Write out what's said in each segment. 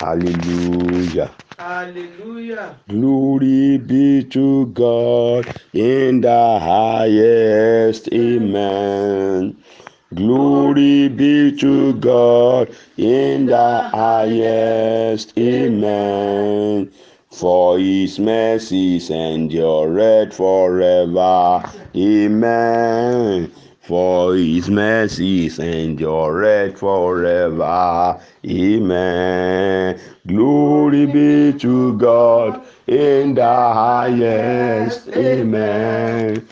Hallelujah. Hallelujah. Glory be to God in the highest. Amen. Glory be to God in the highest. Amen. For his mercies endure forever. Amen for his mercies endureth forever. Amen. Glory be to God in the highest. Amen.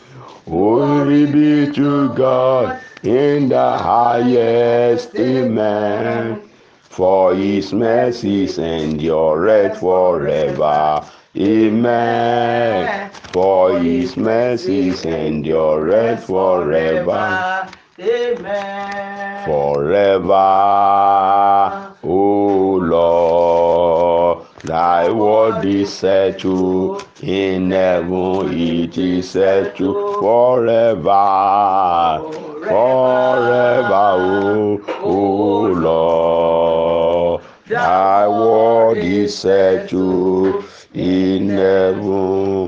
Glory be to God in the highest. Amen. For his mercies endureth forever. Amen for his mercies endureth forever. Amen. Forever, O Lord, thy word is settled in heaven, it is to forever, forever, O, Lord, thy word is to. in heaven.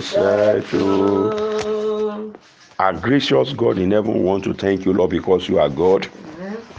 settle. Our gracious God in heaven, we want to thank you, Lord, because you are God.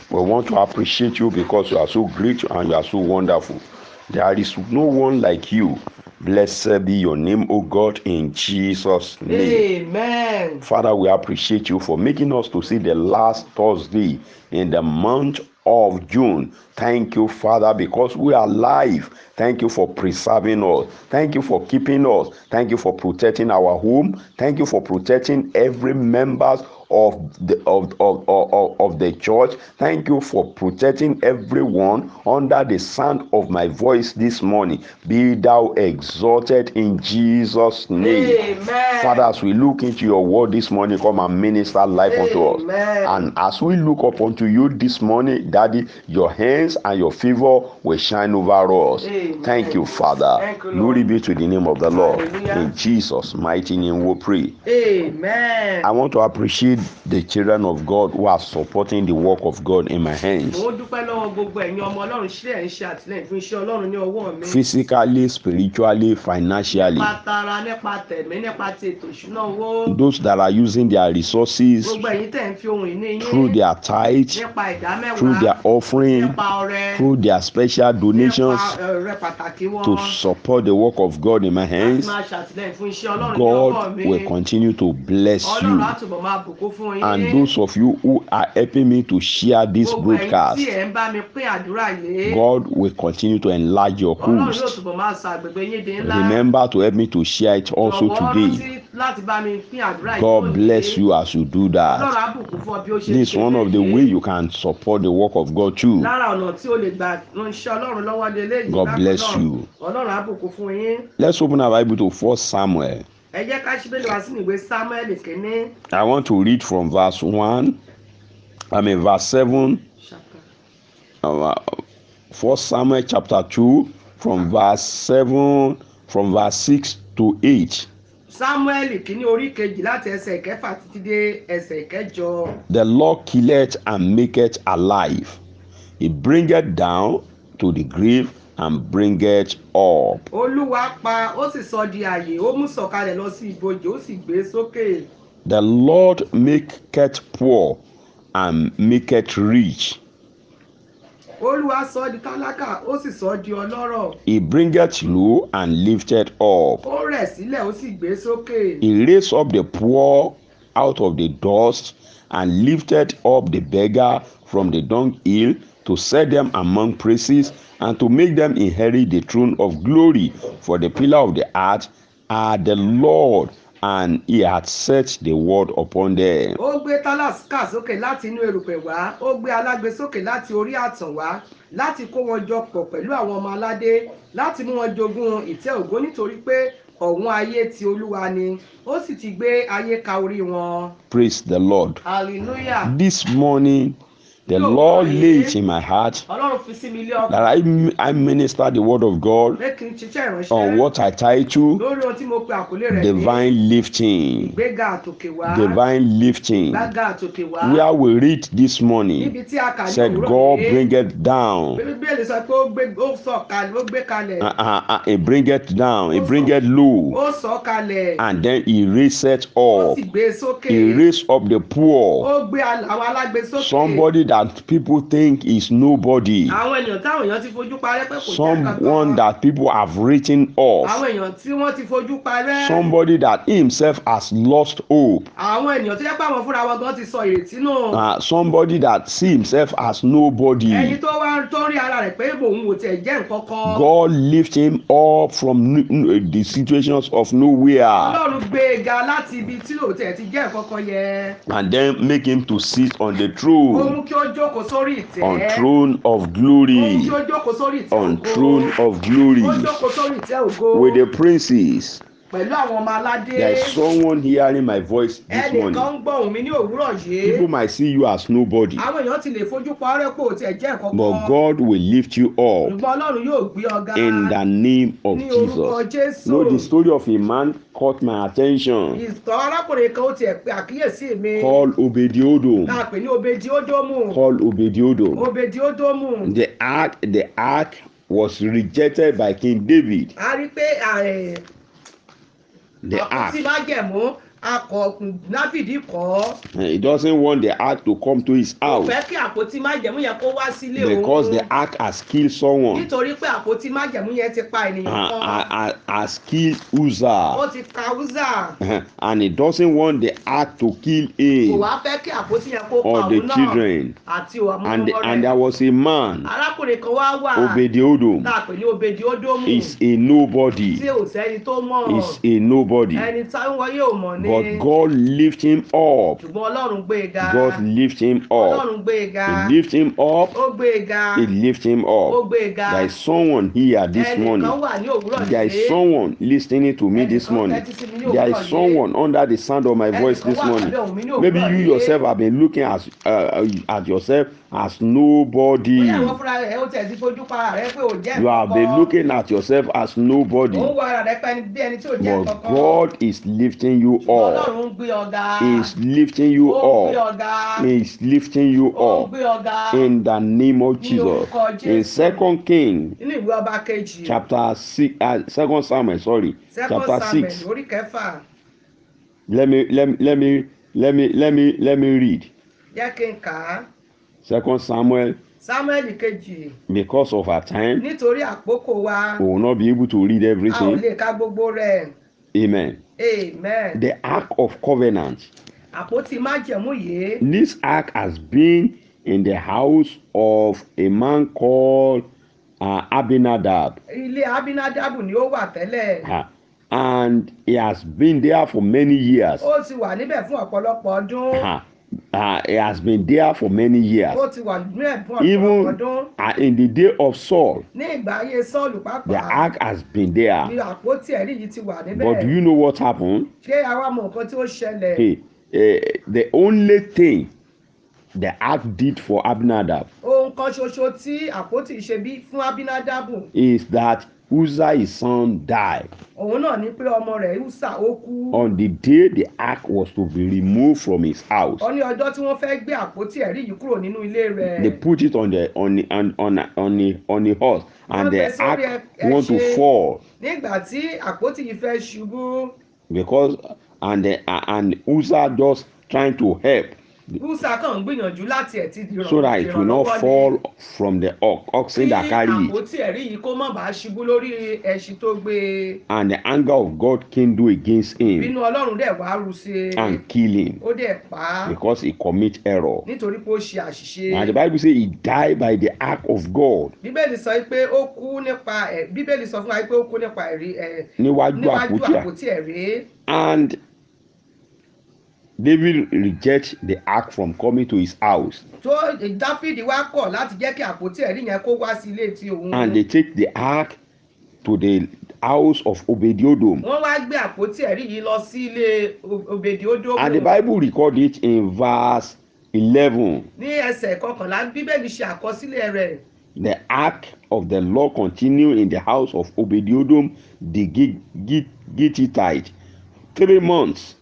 We want to appreciate you because you are so great and you are so wonderful. There is no one like you. Blessed be your name, O God, in Jesus' name. Amen. Father, we appreciate you for making us to see the last Thursday in the month of June. Thank you, Father, because we are alive. Thank you for preserving us. Thank you for keeping us. Thank you for protecting our home. Thank you for protecting every member of the of, of, of, of the church. Thank you for protecting everyone under the sound of my voice this morning. Be thou exalted in Jesus' name. Amen. Father, as we look into your word this morning, come and minister life Amen. unto us. And as we look up unto you this morning, Daddy, your hands and your favor will shine over us. Amen. Thank you, Father. Thank you, Glory be to the name of the Lord. Hallelujah. In Jesus' mighty name we pray. Amen. I want to appreciate if the children of God who are supporting the work of God in my hands. mo dúpẹ́ lọ́wọ́ gbogbo ẹ̀yin ọmọ ọlọ́run ṣílẹ̀ ń ṣe àtìlẹ́yìn fún iṣẹ́ ọlọ́run ní ọwọ́ mi. physically spiritually financially. nípa nípa tẹ̀mí nípa ti ètò ìṣúná owó. those that are using their resources. gbogbo ẹ̀yin tẹ̀ ń fi ohun ìní yín. through their tithe. nípa ìdámẹ́wàá. through their offering. nípa ọrẹ. through their special donations. nípa ọrẹ pàtàkì wọn. to support the work of God in my hands. láti ṣàtìlẹ́yìn fún iṣẹ́ ọlọ́run ní ọwọ́ mi. God will continue to bless you. ọlọ́run á túbọ̀ máa bùkún and those of you who are helping me to share this broadcast. God will continue to enlarge your coast. Remember to help me to share it also today. God bless you as you do that. This is one of the way you can support the work of God too. God bless you. Let's open our Bible to 1 Samuel ẹ jẹ́ ká ṣí bẹ́ẹ̀ sínú ìwé samuel kínní. i want to read from verse one i mean verse seven uh, first samuel chapter two from verse seven from verse six to eight. samuel kínní orí kejì láti ẹsẹ̀ kẹfà títí dé ẹsẹ̀ kẹjọ. the lord killeth and maketh alive he bringeth down to the grave and bring it up. olúwa pa ó sì sọ di àyè ó mú sọ̀kalẹ̀ lọ sí ibojì ó sì gbé sókè. the lord make maketh poor and make it rich. olúwa sọ di tálákà ó sì sọ di ọlọ́rọ̀. he bringeth low and lifted up. ó rẹ̀ sílẹ̀ ó sì gbé sókè. he raised up the poor out of the dust and lifted up the beggar from the dunghill to set them among princes, and to make them inherit the throne of glory. For the pillar of the earth are the Lord, and he had set the world upon them. ó gbé tálásíkà sókè láti inú erùpẹ̀ wá ó gbé alágbe sókè láti orí àtàn wá láti kó wọn jọ pọ̀ pẹ̀lú àwọn ọmọ aládé láti mú wọn jogún ìtẹ́ ògo nítorí pé ọ̀wọ́n ayé ti olúwa ni ó sì ti gbé ayé ka orí wọn. praise the lord. hallelujah. this morning. The Lord lays in my heart that I, I minister the word of God on what I title Divine Lifting. Divine Lifting. Where we read this morning said, God bring it down. Uh, uh, uh, he bring it down. He bring it low. And then he raise it up. E he raise up the poor. Somebody that that people think is nobody. àwọn ènìyàn táwọn èèyàn ti fojú parẹ́ pé kò jẹ́ kankan. someone that people have written off. àwọn èèyàn tí wọ́n ti fojú parẹ́. somebody that himself has lost hope. àwọn ènìyàn tó yẹ pé àwọn fúnra wọn gan ti sọ ìrètí nù. na ah, somebody that see himself as nobody. ẹni tó wá tó rí ara rẹ̀ pé òun ò tẹ̀ jẹ́ nǹkan kan. God lift him up from the situations of nowhere. ọlọ́run gbé e ga láti ibi tí òun tẹ̀ ti jẹ́ nǹkan kan yẹn. and then make him to sit on the throne. ó mú kí ó on throne of glory on throne of glory with the princes pẹ̀lú àwọn ọmọ aládé. there is someone hearing my voice this Any morning. ẹnìkan ń gbọ́ ohùn mi ní òwúrọ̀ yìí. people might see you as nobody. àwọn èèyàn ti lè fojú pa ọ́rẹ́ kó o tiẹ̀ jẹ́ ẹ̀kọ́ but God will lift you up. ṣùgbọ́n Ọlọ́run yóò gbé ọ in the name of ní Jesus. ní orúkọ Jésù. know the story of a man caught my attention. ìtọ́ arákùnrin kan ó tiẹ̀ pe àkíyèsí mi. call Obediodo. náà pè ní Obediodomu. call Obediodo. Obediodomu. the ark the ark was rejected by King David. a rí pé ààrẹ. àkọsíwájẹ̀mú akọ dáfídì kọ. Eh, he doesn't want the ark to come to his house. ó fẹ́ kí àpótí májẹ̀mú yẹn kó wá sílé òun. because the ark has killed someone. nítorí pé àpótí májẹ̀mú yẹn ti pa ènìyàn ah, kan. Ah, ah, has killed Uza. ó ti pa Uzzah. Eh, and he doesn't want the ark to kill him. kò wá fẹ́ kí àpótí yẹn kó pa òun náà. or the children. àti òun àmúhàn rẹ̀. and there was a man. arákùnrin kan wá wà. Obedi-Odom. tá pè ní Obedi-Odomu. is a nobody. tí ò sẹ́ni tó mọ̀. is a nobody. ẹni táwọn yóò mọ̀ ni. But God lift him up. God lift him up. He lift him up. He lift him up. There is someone here this morning. There is someone listening to me this morning. There is someone under the sound of my voice this morning. Maybe you yourself have been looking at, uh, uh at yourself as nobody. bóyá ìwọ fúnra rẹ ó tẹ̀sí fojú pa rẹ pé ò jẹ́ kankan. you have been looking at yourself as nobody. ó wọ ara pẹ́ni bí ẹni tí ò jẹ́ kankan. but God is lifting you up. ọlọ́run ń gbé ọ̀gá. he is lifting you up. ó ń gbé ọ̀gá. he is lifting you up. ó ń gbé ọ̀gá. in the name of Jesus. ní orúkọ Jésù. in second king. nínú ìwé ọba kejì. chapter six uh, second samuel sorry. second chapter samuel six. orí kẹfà. let me let me let me let me let me let me read. jẹ́ kí n kà á second samuel. samuel kejì. because of our time. nítorí àkókò wa. we will not be able to read everything. a ò lè ka gbogbo rẹ̀. amen. amen. the ark of covenant. àpótí májẹ̀mú yìí. this ark has been in the house of a man called uh, abinadab. ilé abinadab ni ó wà tẹ́lẹ̀. and he has been there for many years. ó ti wà níbẹ̀ fún ọ̀pọ̀lọpọ̀ ọdún uh, it has been there for many years. ó ti wà nínú ẹ̀bùn ọ̀dọ́ ọdún. even uh, in the day of Saul. ní ìgbà ayé Sọ́ọ̀lù pàápàá. the ark has been there. ní àpótí ẹ̀rí yìí ti wà níbẹ̀. but do you know what happened? ṣé àwa mọ nǹkan tí ó ṣẹlẹ̀. hey uh, the only thing the ark did for Abinadab. ohun kan ṣoṣo tí àpótí ṣe bí fún Abinadab. is that Uzzah his son died. Òun náà ní pé ọmọ rẹ̀ Uzzah ó kú. On the day the ark was to be removed from his house. Ó ní ọjọ́ tí wọ́n fẹ́ gbé àpótí ẹ̀rí yìí kúrò nínú ilé rẹ̀. They put it on the on the on the on the on a horse and the ark want to fall. Nígbà tí àpótí yìí fẹ́ ṣubú. Because and the, and Uzzah just trying to help. Musa kàn gbìyànjú láti ẹ̀ ti so that it will not fall from the ox oxen that carry it. kí àpótí ẹ̀rí yìí kó má bàa ṣubú lórí ẹṣin tó gbé. E. and the anger of God do against him. bínú Ọlọ́run dẹ̀ wá rú sí. and kill him. ó dẹ̀ pa. because he commit error. nítorí pé ó ṣe àṣìṣe. and the bible say he died by the act of God. bíbélì sọ pé ó kú nípa ẹ̀ bíbélì sọ fún wa pé ó kú nípa ẹ̀rí ẹ̀ níwájú àpótí ẹ̀rí. and David reject the ark from coming to his house. tó Dáfídì wá kọ̀ láti jẹ́ kí àpótí ẹ̀rí yẹn kó wá sí ilé tí òun. and they take the ark to the house of Obediodom. wọ́n wá gbé àpótí ẹ̀rí yìí lọ sí ilé Obediodom. and the bible record it in verse eleven. ní ẹsẹ̀ kọkànlá bíbélì ṣe àkọsílẹ̀ rẹ̀. The ark of the law continued in the house of Obediodom the Gittite three months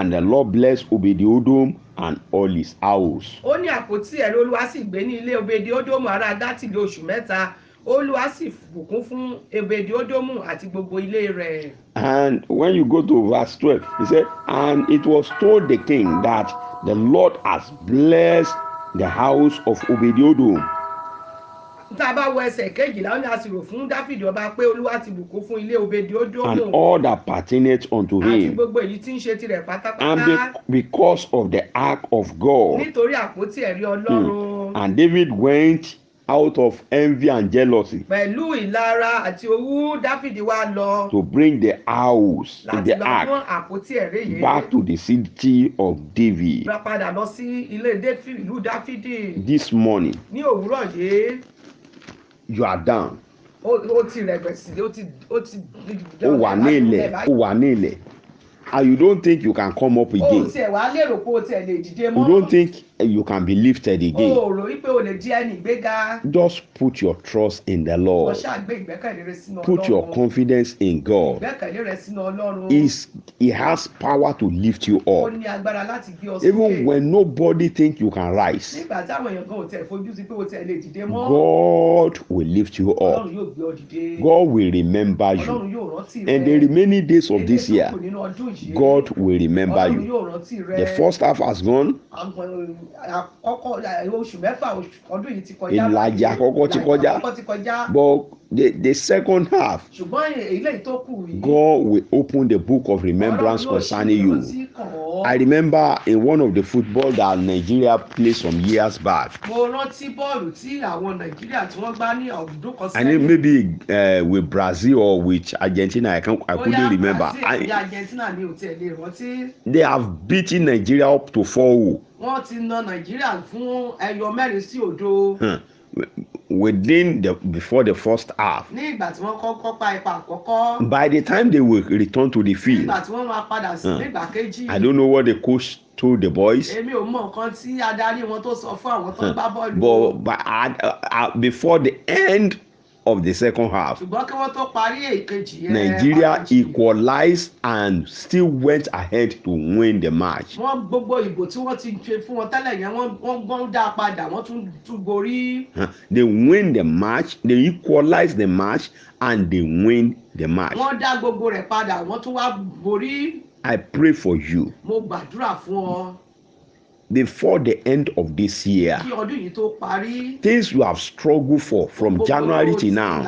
and the lord bless obedi-odom and all his house. ó ní àpótí ẹ̀rí olúwa sì gbé ní ilé obedi-odomu ará dátìlì oṣù mẹ́ta olúwa sì bùkún fún obedi-odomu àti gbogbo ilé rẹ̀. and when you go to verse twelve he said and it was told the king that the lord has blessed the house of obedi-odom tá a bá wọ ẹsẹ̀ kejìlá ó ní àṣírò fún dáfídì ọba pé olúwa ti bùkún fún ilé obedi ó dóhùn. and all that pertinent unto him. àti gbogbo èyí tí ń ṣe tirẹ̀ pátápátá. and because of the ark of God. nítorí àpótí ẹ̀rí ọlọ́run. Hmm. and David went out of envy and jealousy. pẹ̀lú ìlara àti owú dáfídì wá lọ. to bring the house in the ark back to the city of david. padà lọ sí ilé dáfídì. this morning. ní òwúrọ̀ yìí you are down. ó ti rẹ̀gbẹ̀ sí ó ti ó ti. ó wà ní ilẹ̀ ó wà ní ilẹ̀ and you don't think you can come up again. o tiẹ̀ wá lérò pé o tiẹ̀ lè dìde mọ́. you don't think Eh, you can be lifted again. o rò wípé o lè di ẹni ìgbéga. just put your trust in the Lord. wọ́n ṣàgbé ìgbẹ́kẹ̀lé rẹ sínú Ọlọ́run. put your confidence in God. ìgbẹ́kẹ̀lé rẹ sínú Ọlọ́run. is he has power to lift you up. ó ní agbára láti gbé ọ sókè. even when nobody think you can rise. nígbà táwọn èèyàn kan ò tẹ̀ fojú sí pé o tẹ̀ lè dìde mọ́. God will lift you up. Ọlọ́run yóò gbé ọ dìde. God will remember you. Ọlọ́run yóò rántí rẹ. and the remaining days of this year. God will remember you. Ọlọ́run yóò rántí rẹ. the first half has gone àkọ́kọ́ oṣù mẹ́fà ọdún yìí ti kọjá. ìlàjì àkọ́kọ́ ti kọjá bọ́ the the second half. E, God will open the book of remembrance concerning you. I remember in one of the football that Nigeria played some years back. And rántí maybe uh, with Brazil or with Argentina I, can, I couldn't remember. bóyá They have beaten Nigeria up to four. 0 ti na Nàìjíríà fún ẹyọ mẹ́rin sí òdo within the before the first half. ní tí wọ́n kọ́kọ́ pa ipa àkọ́kọ́. by the time they will return to the field. nígbà tí wọ́n máa padà sí nígbà kejì. I don't know what the coach told the boys. èmi ò mọ nǹkan tí adarí wọn tó sọ fún àwọn tó ń gbá bọ́ọ̀lù. but but uh, uh, before the end of the second half. ṣùgbọ́n kí wọ́n tó parí èkejì yẹn. Eh, Nigeria equalized and still went ahead to win the match. wọ́n gbogbo ìbò tí wọ́n ti ṣe fún wọn tẹ́lẹ̀ yẹn wọ́n gbọ́n dá padà wọ́n tún tún gorí. they win the match they equalize the match and they win the match. wọ́n dá gbogbo rẹ̀ padà wọ́n tún wá gorí. I pray for you. mo gbàdúrà fún ọ before the end of this year. kí ọdún yìí tó parí. things you have struggled for from January to now.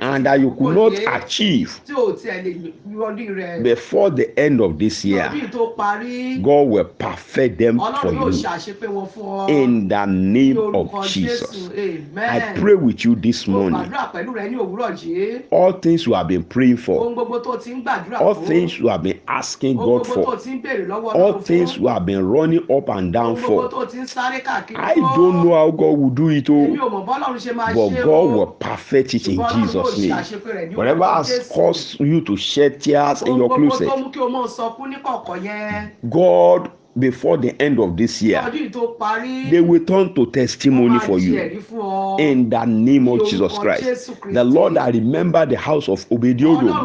and that you could not achieve. tí o tiẹ̀ lè yọdún rẹ. before the end of this year. ọdún yìí tó parí. God will perfect them for you. ọlọ́run yóò ṣàṣepé wọn fún ọ. in the name of Jesus. amen. I pray with you this morning. gbàdúrà pẹ̀lú rẹ ní òwúrọ̀ yìí. all things you have been praying for. ohun gbogbo tó ti ń gbàdúrà fún. all things you have been asking God for. ohun gbogbo tó ti ń béèrè lọ́wọ́ lọ́wọ́ fún. all things you have been running up and down for. I don't know how God will do it, oh, but God oh. will perfect it in Jesus' name. Whatever has caused you to shed tears in your closet, God before the end of this year, they will turn to testimony for you in the name of Jesus Christ. The Lord, I remember the house of Obediodo.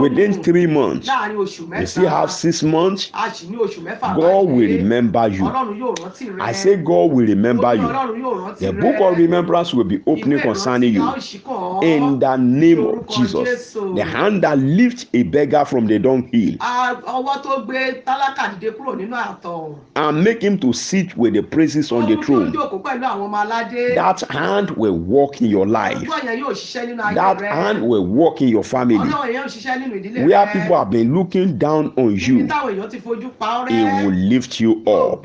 Within three months, you still have six months, God will remember you. I say, God will remember you. The book of remembrance will be opening concerning you in the name of Jesus. The hand that lifts a beggar from the dunghill. And make him to sit with the praises on the throne. That hand will work in your life. That hand will work in your family. Where people have been looking down on you, it will lift you up.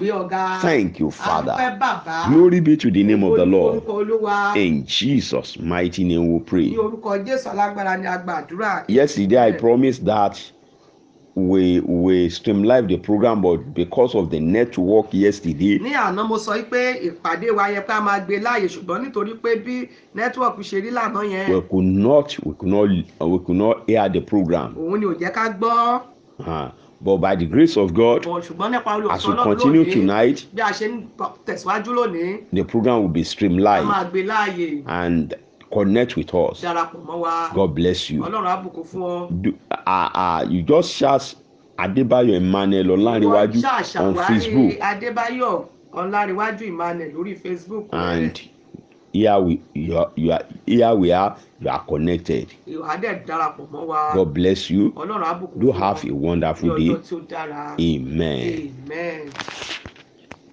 Thank you, Father. Glory be to the name of the Lord. In Jesus' mighty name, pray. ní orúkọ jésù alágbára ni a gba àdúrà. yesterday i promised that we we stream live the program but because of the network yesterday. ní àná mo sọ pé ìpàdé wa yẹ pé a máa gbé láàyè ṣùgbọ́n nítorí pé bí network ṣe rí lánàá yẹn. we could not we could not we could not hear the program. òun ni ò jẹ́ ká gbọ́. but by the grace of God, as we continue tonight, the program will be live, And connect with us. God bless you. do ah uh, ah uh, you just shout Adébáyọ̀ Emmanuel Ọlárewájú on Facebook. and here we you are, you are here we are you are connected. God bless you. do have a wonderful day. amen. amen.